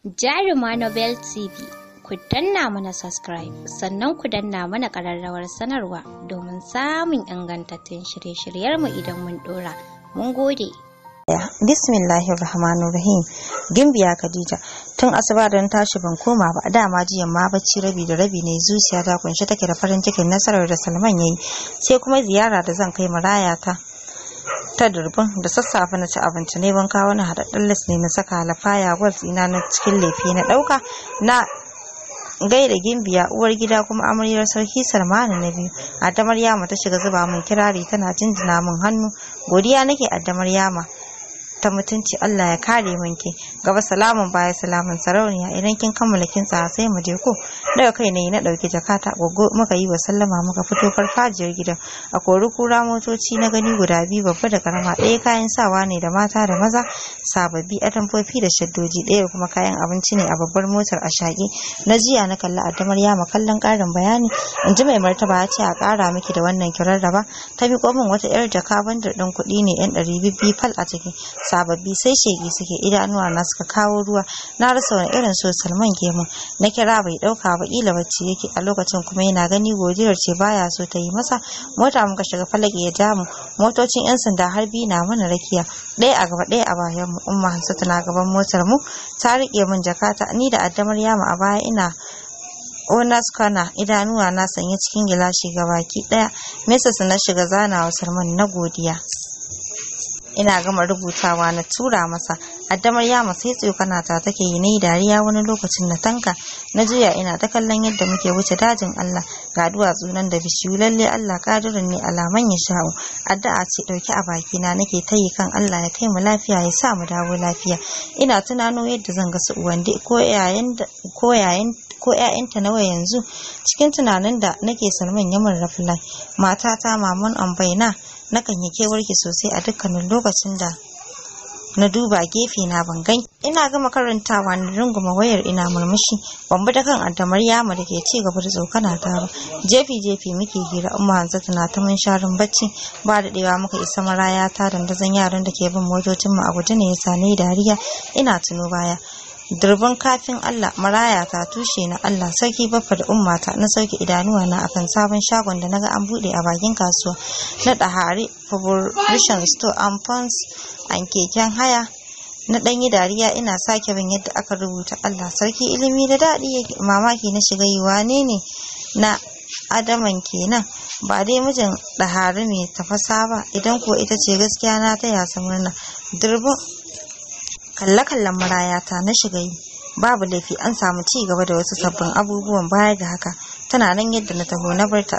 Jaruma Nobel TV. Ku danna mana subscribe sannan ku danna mana kararrawar sanarwa domin samun ingantattun shirye-shiryarmu idan mun ɗora. Mun gode. Bismillahir Rahmanir Rahim. Gimbiya Khadija. Tun asuba don tashi ban koma ba dama jiya ma bacci rabi da rabi ne zuciya ta kunshe take da farin cikin nasarar da Salman yayi sai kuma ziyara da zan kai marayata. ta durbin da sassafe na ci abinci ne ban wani haɗaɗɗen lis ne na saka lafaya gwals ina na cikin lefi na ɗauka na Gai da gimbiya uwar gida kuma amaryar sarki salmanu na biyu damar yama ta shiga zuba min kirari tana jinjina min hannu godiya nake damar yama ta mutunci Allah ya kare minki gaba salamun baya salamun sarauniya idan kin kammala kin tsaya sai mu je ko daga kai ne na dauki jakata gogo muka yi wa sallama muka fito farfajiyar gidan a kori kura motoci na gani guda biyu babba da karama ɗaya kayan sawa ne da mata da maza sababbi atamfofi da shaddoji ɗaya kuma kayan abinci ne a babbar motar a shage. na jiya na kalli addamar ya kallon ƙarin bayani in ji mai martaba ya ce a ƙara miki da wannan kirarraba ta bi min wata 'yar jaka bandar ɗin kuɗi ne 'yan ɗari bibbi fal a ciki sababbi sai shege suke idanuwa na suka kawo ruwa na rasa wani irin so salman gemu na kira bai dauka ba kila bacci yake a lokacin kuma yana gani godiyar ce baya so ta yi masa mota muka shiga falake ya jamu. motocin yan sanda har biyu na mana rakiya ɗaya a gaba ɗaya a bayan mu umma hansa na gaban motar mu ta rike min jakata ni da addamar yamu a baya ina ona skana idanuwa na sanye cikin gilashi ga baki ɗaya mesa na shiga zanawa salman na godiya ina gama rubutawa na tura masa addamar ya tsoka na ta take yi ne dariya wani lokacin na tanka na juya ina ta kallon yadda muke wuce dajin Allah ga duwatsu nan da bishiyu lalle Allah kadirin ne alaman ya sha'u addu'a ce dauki a baki na nake ta yi kan Allah ya kai mu lafiya ya sa mu dawo lafiya ina tunano yadda zan ga su uwande ko yayin ko yayin ko ‘ya'yanta nawa yanzu cikin tunanin da nake salman ya mun rafilai matata maman ambaina nakan yi kewarki sosai a dukkanin lokacin da na duba gefe na ban ina gama karantawa na runguma wayar ina murmushi ban bi da kan addamar yama da ke ci gaba da tsokana ta ba jefi jefi muke hira umma hanzu na ta sharin bacci ba da ɗewa muka isa maraya ta dandazon yaran da ke bin motocin mu a guje ne ya sani dariya ina tuno baya dirban kafin Allah maraya ta tushe na Allah sarki baffa da ummata na sauke idanuwa na akan sabon shagon da naga an bude a bakin kasuwa na dahari fabrication store and pons an keken haya na ɗanyi dariya ina sake bin yadda aka rubuta Allah sarki ilimi da daɗi mamaki na shiga yi wane ne na adaman kenan ba dai mijin ɗahari mai tafasa ba idan ko ita ce gaskiya na ta sa murna durbin kalle-kallen marayata na shiga yi babu laifi an samu ci gaba da wasu sabbin abubuwan baya ga haka tana nan yadda na taho na bar ta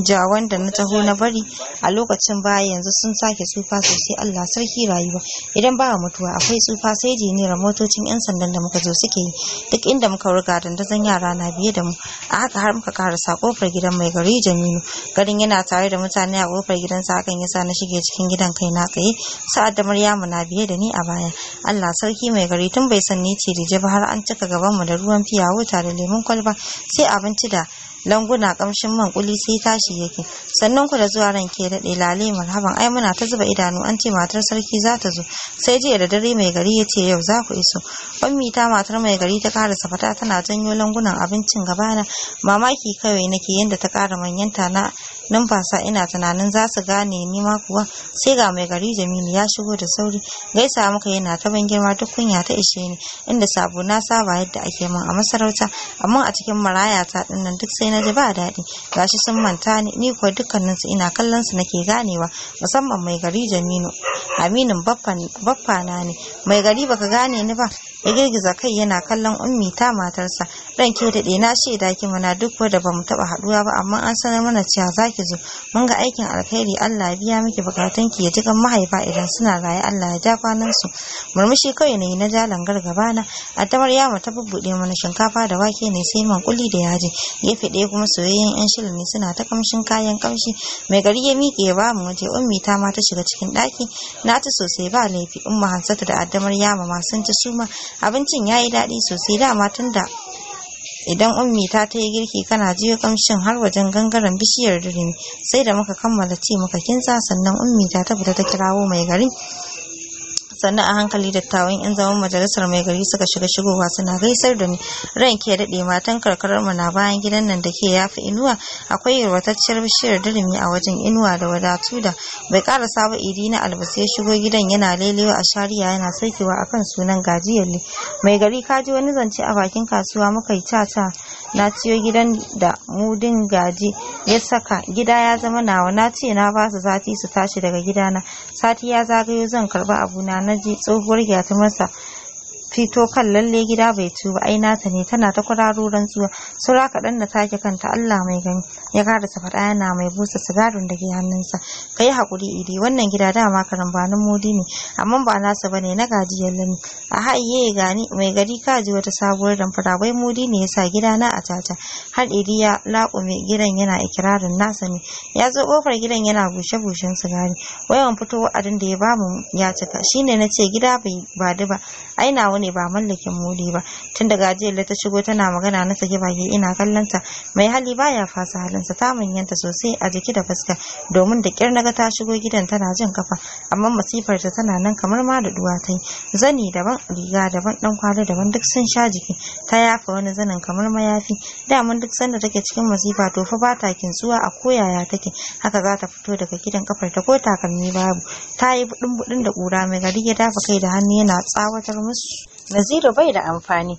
jawan da na taho na bari a lokacin baya yanzu sun sake tsufa sosai Allah sarki rayuwa idan ba mutuwa akwai tsufa sai ne motocin yan sandan da muka zo suke yi duk inda muka ruga dandazon yara na biye da mu a haka har muka karasa kofar gidan mai gari Jaminu garin yana tare da mutane a kofar gidansa hakan yasa na shige cikin gidan kai na tsaye sa'ad da Maryamu na biye da ni a baya Allah sarki mai gari tun bai sanni ce da ba har an cika gaban mu da ruwan fiya wuta da lemon kwalba sai abinci da languna kamshin man kuli sai tashi yake sannan ku da zuwa ran ke daɗe lale marhaban ai muna ta zuba idanu an ce matar sarki za ta zo sai jiya da dare mai gari ya ce yau za ku iso ummi ta matar mai gari ta ƙara safata tana janyo langunan abincin na mamaki kawai nake yanda ta ƙara manyanta na numfasa ina tunanin za su gane ni ma kuwa sai ga mai gari jamilu ya shigo da sauri gaisa muka yana ta ban girma duk kunya ta ishe ni inda sabo na saba yadda ake min a masarauta amma a cikin maraya ta dinnan duk sai na ji ba daɗi ga shi sun manta ni ni kuwa dukkaninsu ina kallon su nake ganewa musamman mai gari Jaminu aminin baffa na ne mai gari baka gane ni ba ya girgiza kai yana kallon ummi ta matarsa ran ke da shi shaida ki mana duk wanda ba mu taɓa haɗuwa ba amma an sanar mana cewa za ki zo mun ga aikin alkhairi Allah ya biya miki bukatun ki ya ji kan mahaifa idan suna raye Allah ya ja kwanan su murmushi kawai ne na jalan gargaba na addamar yamu ta bubbuɗe mana shinkafa da wake ne sai man kuli da yaji ya ɗaya kuma soyayyen yan shirin ne suna ta kamshin kayan kamshi mai gari ya miƙe ya ba mu waje ummi ta ma ta shiga cikin ɗaki na ci sosai ba laifi umma hansatu da adamar yama ma sun ci suma abincin ya yi daɗi sosai dama tun da idan ummi ta ta yi girki kana jiyo kamshin har wajen gangaren bishiyar durimi sai da muka kammala ci muka kinsa sannan ummi ta ta fita ta kirawo mai garin. sannan a hankali dattawan yan zaman majalisar mai gari suka shiga shigowa suna gaisar da ni ran ke daɗe matan karkarar mu na bayan gidan nan da ke yafi inuwa akwai yarwatacciyar bishiyar dirimi a wajen inuwa da wadatu da bai kara saba idi na albasa ya shigo gidan yana lelewa a shari'a yana saikewa akan sunan gajiyalle mai gari kaji wani zance a bakin kasuwa muka yi tata na ciyo gidan da mudin gaji ya saka gida ya zama nawa na ce na ba su sati su tashi daga gidana sati ya zagayo zan karba abu na na ji tsohuwar gyatumarsa fito kan lalle gida bai ci ba ai nata ne tana ta kwararo rantsuwa saura kaɗan na take kanta Allah mai gani ya karasa faɗa yana mai busa sigarin da ke hannunsa ka yi haƙuri idi wannan gida dama karambanin modi ne amma ba nasa ba ne na gajiyar lani a haiye gani mai gari ji wata sabuwar damfara wai modi ne ya sa na a tata har idi ya laƙume gidan yana ikirarin nasa ne ya zo ƙofar gidan yana bushe-bushen sigari wayan fito wa'adin da ya bamu ya cika shine na ce gida bai ba ai na wani ne ba mallakin mudi ba tun daga ajiyar ta shigo tana magana na sake baki ina kallon ta mai hali baya fasa halinsa ta manyanta sosai a jiki da fuska domin da kyar naga ta shigo gidan tana jin kafa amma masifar ta tana nan kamar ma da duwa ta zani daban riga daban dan kwali daban duk sun sha jiki ta yafa wani zanin kamar mayafi daman duk sanda take cikin masifa to fa ba ta kintsuwa a koyaya take haka za ta fito daga gidan kafar ta ko takalmi babu ta yi budin budin da kura mai gari ya dafa kai da hannu yana tsawatar musu Naziru bai da amfani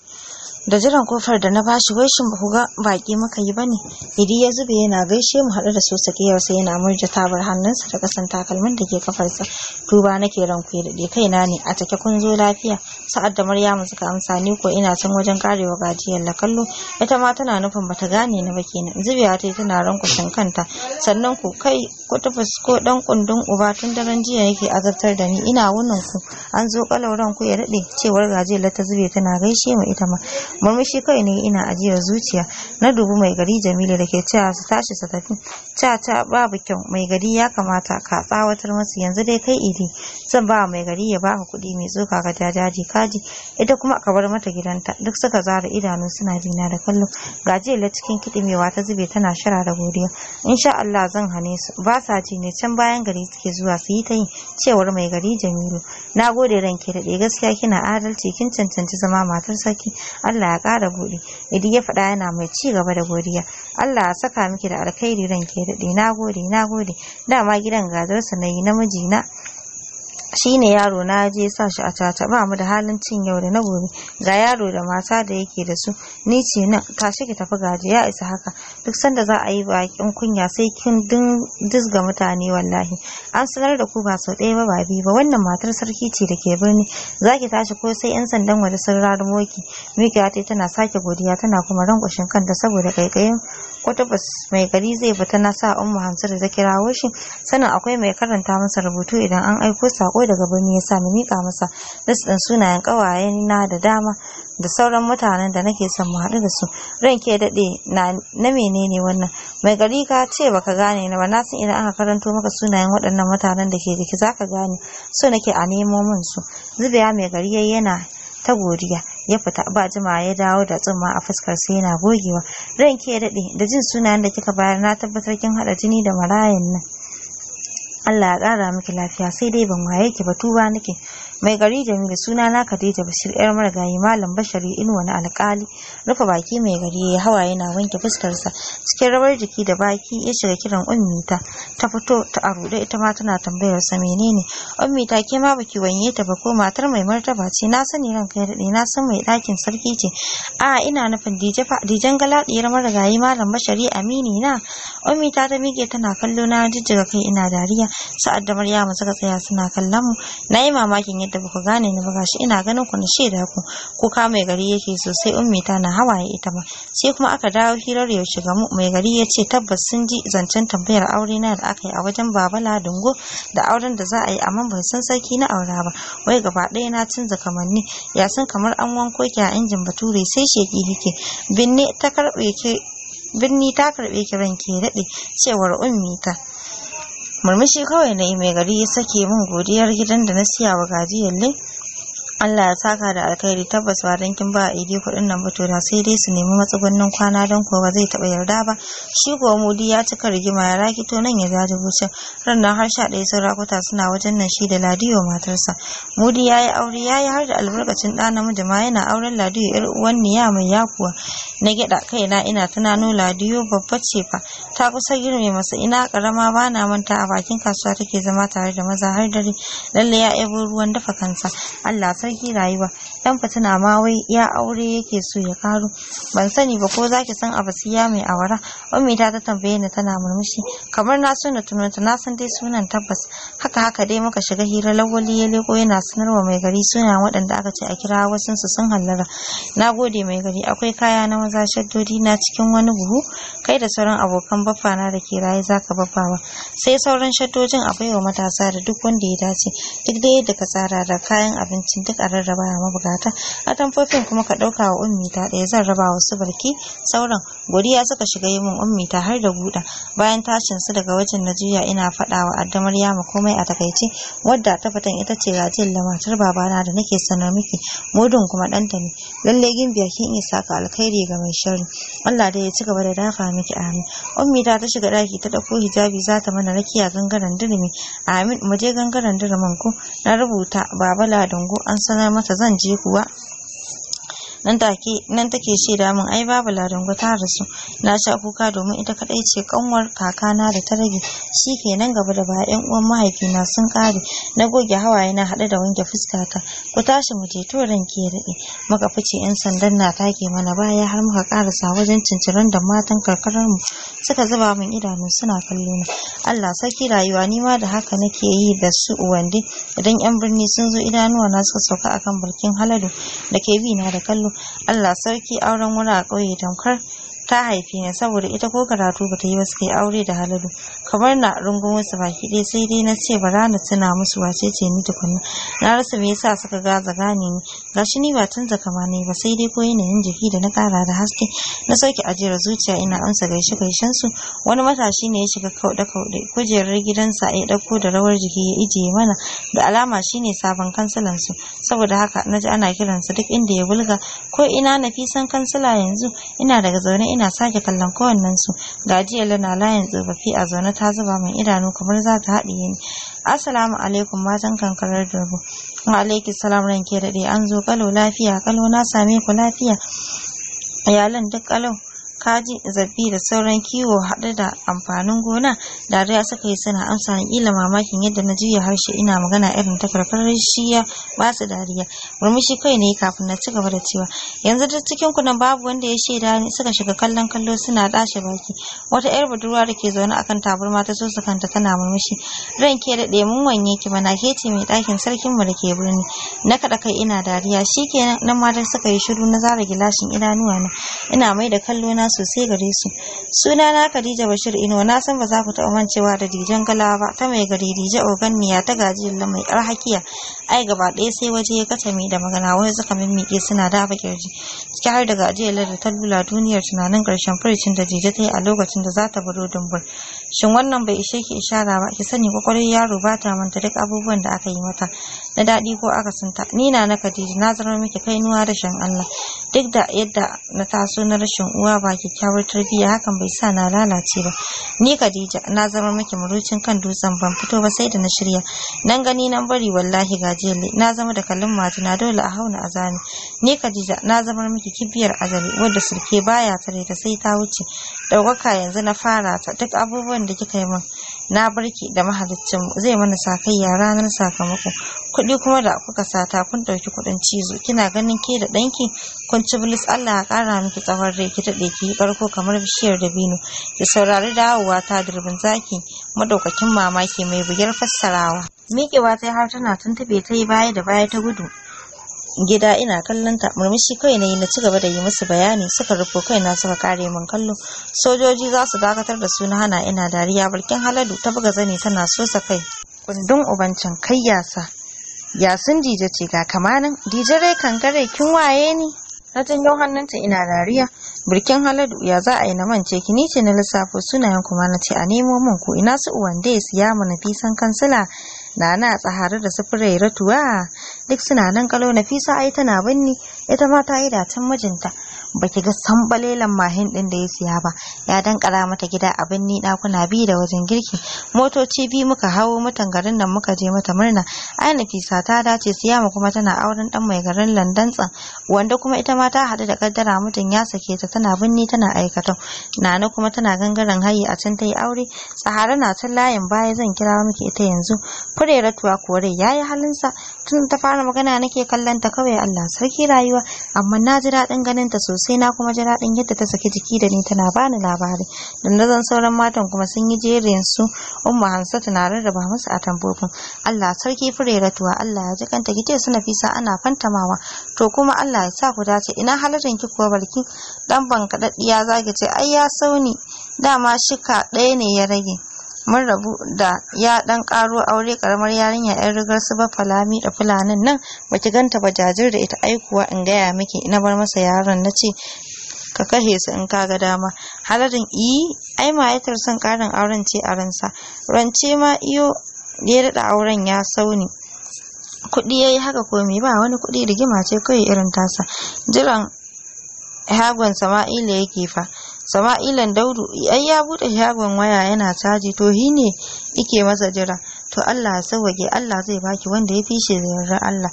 da jiran kofar da na bashi wai shin ba ku ga baki muka yi bane idi ya zube yana gaishe mu haɗu da su sai yana murja tabar hannunsa da kasan takalmin da ke kafarsa duba nake ran ku da kaina ne a take kun zo lafiya sa'ad da maryamu suka amsa ni ko ina san wajen karewa gajiyar la kallo ita ma tana nufin bata gane na ba kenan zubewa ta tana rankushin kanta sannan ku kai ku tafi ko dan kundin uba tun daren jiya yake azabtar da ni ina wunin ku an zo kalauran ku ya daɗe cewar gajiyar ta zube tana gaishe mu ita ma murmushi kai ne ina ajiyar zuciya na dubu mai gari jamilu da ke cewa su tashi su tafi ca ta babu kyau mai gari ya kamata ka tsawatar masu yanzu dai kai idi zan ba mai gari ya baka kuɗi mai tsoka ga jajaji kaji ita kuma ka bar mata gidanta duk suka zara idanu suna bina da kallo gajiyar cikin kiɗimewa ta zube tana shara da godiya insha Allah zan hane su ba sa ci ne can bayan gari suke zuwa su yi ta yin cewar mai gari jamilu na gode ranke da gaskiya kina adalci kin cancanci zama matar saki Allah Allah ya ƙara buɗe idan ya faɗa yana mai ci gaba da godiya Allah ya saka miki da alkhairi ranke daɗe na gode na gode dama gidan gazarsa na yi namiji na shi ne yaro na je sa shi a tata ba mu da halin cin yau da na gobe ga yaro da mata da yake da su ni ce nan tashi ki tafi gaji ya isa haka duk sanda za a yi bakin kunya sai kin dizga mutane wallahi an sanar da ku ba sau ɗaya ba ba ba wannan matar sarki ce da ke birni za ki tashi ko sai yan sandan waje sun rarmoki ki miƙa tana sake godiya tana kuma rankwashin kanta saboda kaikayin ko tabbas mai gari zai fita na sa umma hamsu da ta kirawo shi sanin akwai mai karanta masa rubutu idan an aiko sako daga birni ya sa na mika masa list din sunayen kawaye na da dama da sauran mutanen da nake son mu haɗu da su ran ke daɗe na na menene wannan mai gari ka ce baka gane na ba na san idan aka karanto maka sunayen waɗannan mutanen da ke jiki zaka gane so nake a nemo min su zubiya mai gari yayi yana ta godiya ya fita ba jimawa ya dawo da tsumma a fuskar sai yana gogewa Zan ya dade da jin sunayen da kika bayar na tabbatar kin hada jini da marayan nan Allah ya ƙara miki lafiya sai dai ban waye ki ba tuba nake mai gari Jamilu suna na Khadija Bashir yar margayi malam Bashari Inuwa na alƙali rufe baki mai gari ya hawa yana wanke sa cikin rawar jiki da baki ya shiga kiran ummi ta fito ta arude ita ma tana tambayar sa menene ta ke ma baki wanye ta ba ko matar mai martaba ce na sani ranka ya dade na san mai ɗakin sarki ce a ina nufin Dije fa Dijen yar margayi malam Bashari Amini na ummita ta mige tana kallo na jijjiga kai ina dariya sa'ad da Maryamu suka tsaya suna kallon mu na yi mamakin yadda ba ku gane ni ba gashi ina ganin ku na shaida ku kuka mai gari yake sosai ummi ta na hawaye ita ma sai kuma aka dawo hirar yaushe ga mu mai gari ya ce tabbas sun ji zancen tambayar aure na da aka yi a wajen babala dungo da auren da za a yi amma ban san sarki na aura ba wai gaba ɗaya na canza kamanni ya san kamar an wanko ki a injin bature sai sheki kike binne ta karɓe ki birni ta karɓe kiran ke daɗe cewar ummi ta murmushi kawai na yi mai gari ya sake min godiyar gidan da na siya wa yalle Allah ya saka da alkhairi tabbas ba don kin ba idi kuɗin nan fito da sai dai su nemi matsugunnin kwana don kuwa ba zai taɓa yarda ba shi kuwa mudi ya cika rigima ya rakito nan ya jaji bucin rannan har sha ɗaya sun rakuta suna wajen nan shi da ladiyo matarsa mudi ya yi aure ya yi har da albarkacin ɗa namiji ma yana auren ladiyo yar uwan niya mai yakuwa na gyaɗa kaina ina tunano ladiyo babba ce fa ta kusa girme masa ina karama ba na manta a bakin kasuwa take zama tare da maza har dare lalle ya ebo ruwan dafa kansa Allah sarki rayuwa dan fituna ma wai ya aure yake so ya karo ban sani ba ko zaki san abasiya mai awara ummi ta ta tambaye ni tana murmushi kamar na so na tunanta na san dai sunan tabbas haka haka dai muka shiga hira lawali ya leko yana sanarwa mai gari suna waɗanda aka ce a kira wasu su sun hallara na gode mai gari akwai kaya na maza shaddodi na cikin wani buhu kai da sauran abokan baffana da ke raye zaka baffawa sai sauran shaddojin a baiwa matasa da duk wanda ya dace duk da yadda ka tsara da kayan abincin duk a rarraba ya mabugata tamfofin kuma ka ɗauka wa ummi ta ɗaya zan raba wa su barki sauran godiya suka shiga yi min ummi ta har da buɗa bayan tashin su daga wajen na juya ina faɗa wa addamar yama komai a takaice wadda ta fitan ita ce rajin lamatar babana da nake sanar miki mudun kuma ɗanta ne lallai gimbiya kin isa ka alkhairi ga daga mai sharri Allah dai ya ci gaba da dafa miki amin ummi ta ta shiga daki ta dauko hijabi za ta mana rakiya gangaren dirimi amin mu je gangaren dirimin ko na rubuta baba ladungo an sanar mata zan je kuwa nan take nan take da min ai babu ladango ta rasu na sha kuka domin ita kadai ce kanwar kakana da ta rage shi kenan gaba da baya yan uwan mahaifina sun kare na goge hawaye na haɗe da wanke fuskata ku tashi mu je to ranke ya muka fice yan sandan na take mana baya har muka karasa wajen cinciran da matan karkarar mu suka zuba min idanu suna kallo na Allah sarki rayuwa ni ma da haka nake yi da su uwandi idan yan birni sun zo idanuwa na suka sauka akan barkin haladu da ke bi na da kallo Allah sarki auren wuri a ƙauye tamkar ta haife ni saboda ita ko karatu ba ta yi ba suka yi aure da halalu kamar na rungumo su baki ɗaya sai dai na ce ba rana tuna musu wace ce ni tukunna na rasa me yasa suka gaza gane ni gashi ni ba tun zakama ne ba sai dai ko yanayin jiki da na kara da haske na sauke ajiyar zuciya ina amsa gaishe gaishen su wani matashi ne ya shiga kauɗe kauɗe kujerar gidansa ya ɗauko da rawar jiki ya ijiye mana da alama shine sabon kansilan su saboda haka na ji ana kiransa duk inda ya bulga ko ina na fi san kansila yanzu ina daga zaune ina sake kallon kowannensu ga jiyala na layin tsofaffi a zaune ta zuba min idanu kamar za ta haɗiye ni assalamu alaikum matan kankarar durbu wa alaiki salam ranke daɗe an zo kalo lafiya kalo na same ku lafiya iyalan duk kalau kaji zafi da sauran kiwo haɗe da amfanin gona dariya suka yi suna amsa ni kila mamakin yadda na juya harshe ina magana irin ta karkarar shiya ba su dariya murmushi kai ne kafin na ci gaba da cewa yanzu duk cikin ku nan babu wanda ya shaida ni suka shiga kallon kallo suna dashe baki wata yar budurwa da ke zaune akan tabarma ta so kanta tana murmushi ran ke da mun wanye ki mana ke ce mai ɗakin sarkin mu da ke birni na kaɗa kai ina dariya shikenan nan ma suka yi shiru na zara gilashin idanuwa na ina mai da kallo na sosai gare su suna na Khadija Bashir Ino na san ba za ku taɓa mancewa da Dijon Galawa ba ta mai gari Dije Oganniya ta gajiyar mai arhakiya hakiya ai gaba ɗaya sai waje ya katame da magana wai suka mimmiƙe suna da dafa kirji ciki har da gajiyar da ta duniyar tunanin karshen furicin da Dije ta yi a lokacin da za ta baro dumbur shin wannan bai ishe ki ishara ba ki sani kwakwalwar yaro ba ta manta duk abubuwan da aka yi mata na daɗi ko akasinta ni na na kadiji na zama miki kai nuwa rashin allah duk da yadda na taso na rashin uwa ba kyakkyawar tarbiyya hakan bai sa na lalace ba ni kadija na zama miki murucin kan dutsen ban fito ba sai da na shirya nan gani nan bari wallahi gajiyalli na zama da kalin na dole a hauna azami ni kadija na zama miki kibiyar ajali wadda sirke baya tare da sai ta wuce ɗaukaka yanzu na fara ta duk abubuwan addu'an da kika yi min na barki da mahaliccin zai mana sa ya ranar sakamako kuɗi kuma da kuka sata kun ɗauki kuɗin cizo kina ganin ke da ɗanki kun ci bilis Allah ya ƙara miki tsawon rai ki daɗe ki yi ƙarko kamar bishiyar dabino ki saurari dawowa ta durbin zaki madaukakin mamaki mai bugyar fassarawa miƙewa ta har tana tuntuɓe ta yi baya da baya ta gudu gida ina kallon ta murmushi kai ne na ci gaba da yi musu bayani suka rufo kaina suka kare min kallo sojoji za su dakatar da su na hana ina dariya barkin haladu ta buga zani tana sosa kai kundin ubancin kai yasa sun dije ce ga kamanin kan kankare kin waye ni na janyo hannunta ina dariya birkin haladu ya za a yi na mance ki ni ce na lissafo sunayen kuma na ce a nemo min ku ina su uwan da ya siya mu na fisan kansila Nana tsahari da sufurai ratuwa duk suna nan kalo Nafisa ai tana binni ita ma ta yi dacen mijinta baki ga sambalelan mahin din da ya siya ba ya dankara mata gida abin ni dakuna biyu da wajen girki motoci biyu muka hawo mutan garin nan muka je mata murna ai nafisa ta dace siya mu kuma tana auren dan mai garin landan tsan wanda kuma ita ma ta haɗu da kaddara mutun ya sake ta tana binni tana aikata nana kuma tana gangaren hayi a can ta yi aure tsahara na tun layin baya zan kira miki ita yanzu fureratuwa kore yayi halinsa tun ta fara magana nake kallon ta kawai Allah sarki rayuwa amma na ji daɗin ganin ta sosai sai na kuma ji daɗin yadda ta saki jiki da ni tana bani labari dandazon sauran matan kuma sun yi jerin su umma hamsatu na rarraba musu a tambobin allah sarki fure ratuwa allah ya ji kanta ki su suna ana fantamawa to kuma allah ya sa ku dace ina halarin ki kuwa barki dan ban kaɗaɗɗiya za ce ai ya sauni dama shika ɗaya ne ya rage mun rabu da ya dan karo aure karamar yarinya yan rigar su ba falami da fulanin nan baki ganta ba jajir da ita aikuwa in gaya miki na bar masa yaron na ce ka kashe su in kaga dama haladin yi ai ma'aikatar son karin auren ce a ransa rance ma iyo ya daɗa auren ya sauni kuɗi yayi yi haka me ba wani kuɗi rigima ce kai irin tasa jiran hagon sama'ila yake fa sama'ilan daudu ai ya bude shagon waya yana caji to hi ne ike masa jira to allah ya sauwaƙe allah zai baki wanda ya fi shi da allah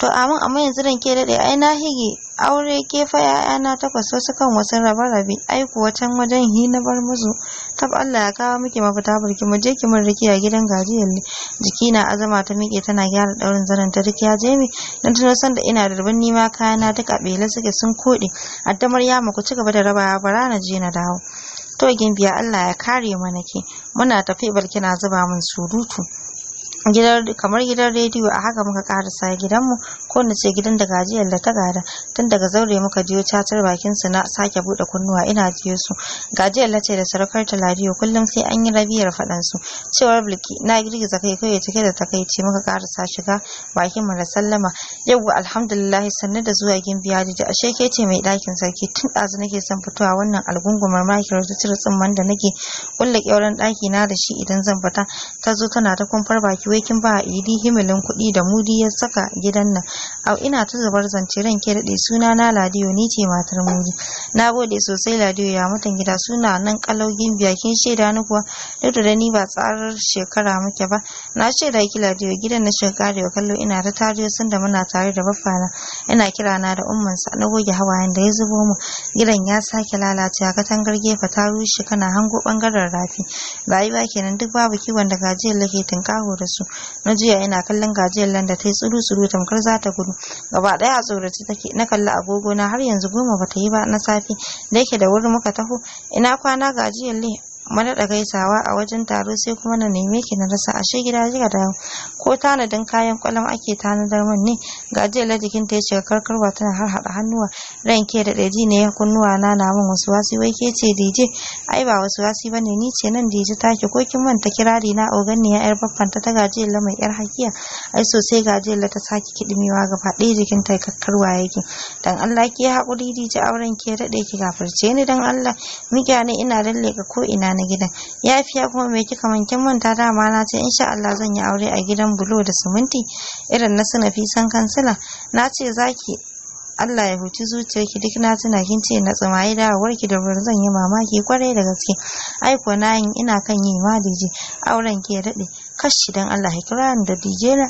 to amin amma yanzu dan ke dade ai na hige aure kefa fa na takwas wasu kan wasu rabe rabe ai kuwa can wajen hi na bar muzu tab Allah ya kawo miki mafita burki mu je ki mun riki a gidan gajiyar ne jiki na azama ta miƙe tana gyara daurin zanen ta ya je mi dan tuno san da ina da rubin nima na duka bela suke sun kode addamar ya ku ci gaba da rabawa bara na je na dawo to gimbiya Allah ya kare mana ke muna tafi barki na zuba mun surutu kamar gidan rediyo a haka muka karasa gidanmu ko na ce gidan da gajiyar da ta gada tun daga zaure muka jiyo catar bakin su na sake bude kunnuwa ina jiyo su gajiyar lace da sarakar ta ladiyo kullum sai an yi rabiyar faɗan su cewar bilki na girgiza kai kai cike da takaici muka karasa shiga bakin mu da sallama yau alhamdulillah sannu da zuwa gimbiya da ashe ke ce mai ɗakin sarki tun ɗazu nake son fitowa wannan algungumar makiyar ta cire tsimman da nake kulle ƙyauren ɗaki na da shi idan zan fita ta zo tana ta kumfar baki wai kin ba idi himilin kuɗi da mudi ya saka gidan nan au ina ta zubar zance ran ke daɗe suna na ladiyo ni ce matar muri na gode sosai ladiyo ya mutan gida suna nan kalau biya kin shaida ni kuwa duk da ni ba tsarar shekara muke ba na shaida ki ladiyo gidan na shekara kallo ina ta tariyo sun da muna tare da baffana ina kira na da sa na goge hawayen da ya zubo mu gidan ya sake lalacewa katangar gefe ta rushe kana hango bangaren rafi rayuwa kenan duk babu kiwon da gajiyar lake tinkaho da su na jiya ina kallon gajiyar landa ta yi tsuru-tsuru tamkar za ta gudu gaba daya a tsorace take na kalla agogo na har yanzu goma bata yi ba na safe da yake da wuri muka taho ina kwana gajiyar le mana da gaisawa a wajen taro sai kuma na neme ki na rasa ashe gida jiga da ko tanadin kayan kwalam ake tanadar min ne ga jela jikinta ya shiga karkarwa tana har hada hannuwa ran ke da daji ne kunnuwa na na min wasu wasi wai ke ce dije ai ba wasu wasi ba ne ni ce nan dije take ko kin manta kirari na ogan ne ya yar baffanta ta la mai yar hakiya ai sosai gajela ta saki kiɗimewa gaba ɗaya jikin ta karkarwa yake dan Allah ki haƙuri dije auren ke daɗe ki gafarce ni dan Allah miƙa ne ina lalleka ko ina na gidan ya ya kuma mai kika man kin manta dama na ce in sha Allah zan yi aure a gidan bulo da siminti irin na sanafi san kansila na ce zaki Allah ya huci zuciyarki duk na tuna kin ce na da warki da wurin zan yi mamaki kwarai da gaske ai ko na yin ina kan yi ma DJ auren ki ya dade kashi dan Allah ya kira ni da DJ na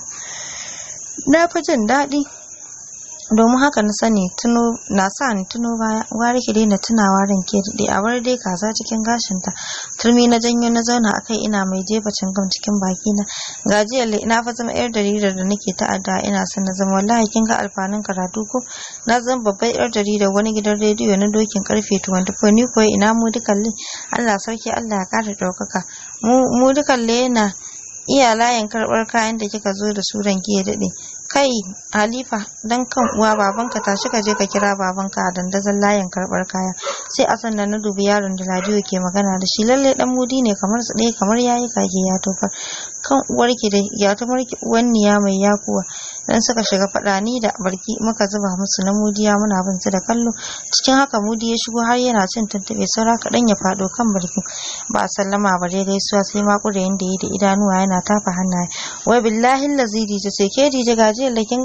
na fi jin daɗi domin haka na sani tuno na sa ni tuno baya uwa rike daina tunawa ran ke daɗe a wari dai kaza cikin gashin ta turmi na janyo na zauna akai ina mai jefa cingam cikin baki na gajiyar ina fa zama yar jaridar da nake ta'adda ina son na zama wallahi kin ga alfanun karatu ko na zama babbar yar jaridar wani gidan rediyo na dokin karfe 24 ni koyi ina mu dukan Allah sarki Allah ya kara ɗaukaka mu mu dukan na iya layin karɓar kayan da kika zo da su ranki ya daɗe Kai, Halifa, dan kan uwa babanka tashi ka je ka kira babanka a dandazon layin karɓar kaya. Sai a sannan na dubi yaron da Ladiyo ke magana da shi lalle dan mudi ne kamar su ɗaya kamar yayi kage ya tofar. kan uwarki dai ya tumarki uwan niya mai yakuwa dan suka shiga fada ni da barki muka zuba musu na mudiya muna bin su da kallo cikin haka mudi ya shigo har yana cin tuntube saura kaɗan ya fado kan barki ba sallama ba dai gaisuwa sai ma ƙurayen da ya da idanuwa yana tafa hannaye wai billahi lazidi ta sai ke dije gajiyar da kin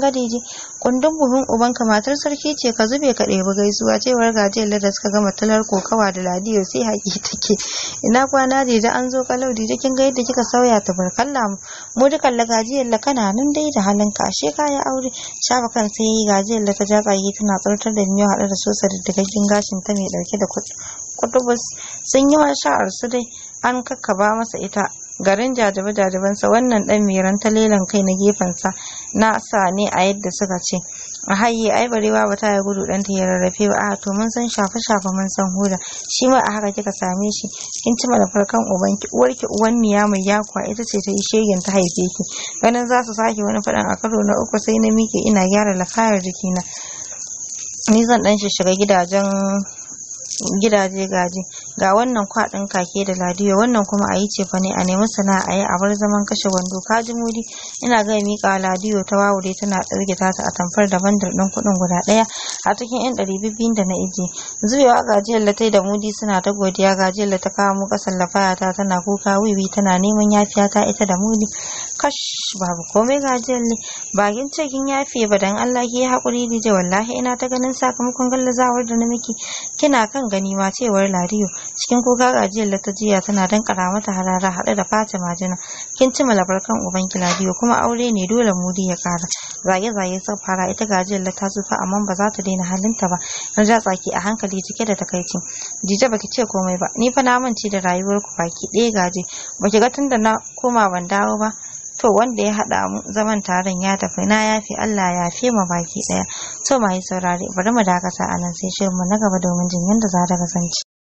kundin buhun ubanka matar sarki ce ka zube ka ɗebi gaisuwa cewar gajiyar da suka gama talar kokawa da ladiyo sai haƙi take ina kwana da an zo kalau da kin ga yadda kika sauya ta barkalla mu dukan la gajiyar la kana nan dai da halin ka ashe kaya aure shafa kan sai gajiyar la ta ja tana tsartar da miyau haɗe da sosa da dagaggen gashin ta mai ɗauke da kutubus sun yi masha'ar su dai an kakkaba masa ita garin jajaba-jajabansa wannan dan mai ranta lelan kai na gefen sa. na sani a yadda suka ce a hayye, ai barewa ba ta yi gudu ɗanta ya rarrafe ba a to mun san shafa shafe mun san huda shi ma a haka kika same shi kin ci mana farkan uwar uwarki uwan niya mai yakwa ita ce ta yi shegen ta haife ki ganin za su sake wani faɗan a karo na uku sai na mike ina gyara lafayar jikina ni zan ɗan shiga gidajen gidaje gaje ga wannan kwaɗin kake da ladiyo wannan kuma a yi cefa ne a nemi sana'a a yi a bar zaman kashe wando Ka ji mudi ina ga miƙa ladiyo ta wawure tana ɗauke ta ta atamfar da bandar ɗin kuɗin guda ɗaya a cikin yan ɗari bibbiyun da na ije zubewa gajiyar latai da mudi suna ta godiya gajiyar da ta kawo mu ƙasar lafaya ta tana kuka wiwi tana neman yafiya ta ita da mudi kash babu komai ga ne ba gin ce kin yafe ba dan Allah yi hakuri dije wallahi ina ta ganin sakamakon gallazawar da na miki kina kan gani ma cewar Lariyo cikin kuka gajiyar ta jiya tana dan karamata harara haɗe da Fatima jina kin ci malabarkan ubanki Lariyo kuma aure ne dole mudi ya kara zaye zaye sun fara ita gajiyar ta tsufa amma ba za ta daina halinta ba na tsaki a hankali cike da takaici jije baki ce komai ba ni fa na mance da rayuwar ku baki ɗaya gaje baki ga tunda na koma ban dawo ba to wanda ya haɗa mu zaman taron ya tafi na yafi Allah ya fi mu baki ɗaya to mai saurare bari mu dakata a nan sai mu na gaba domin jin yadda za ta kasance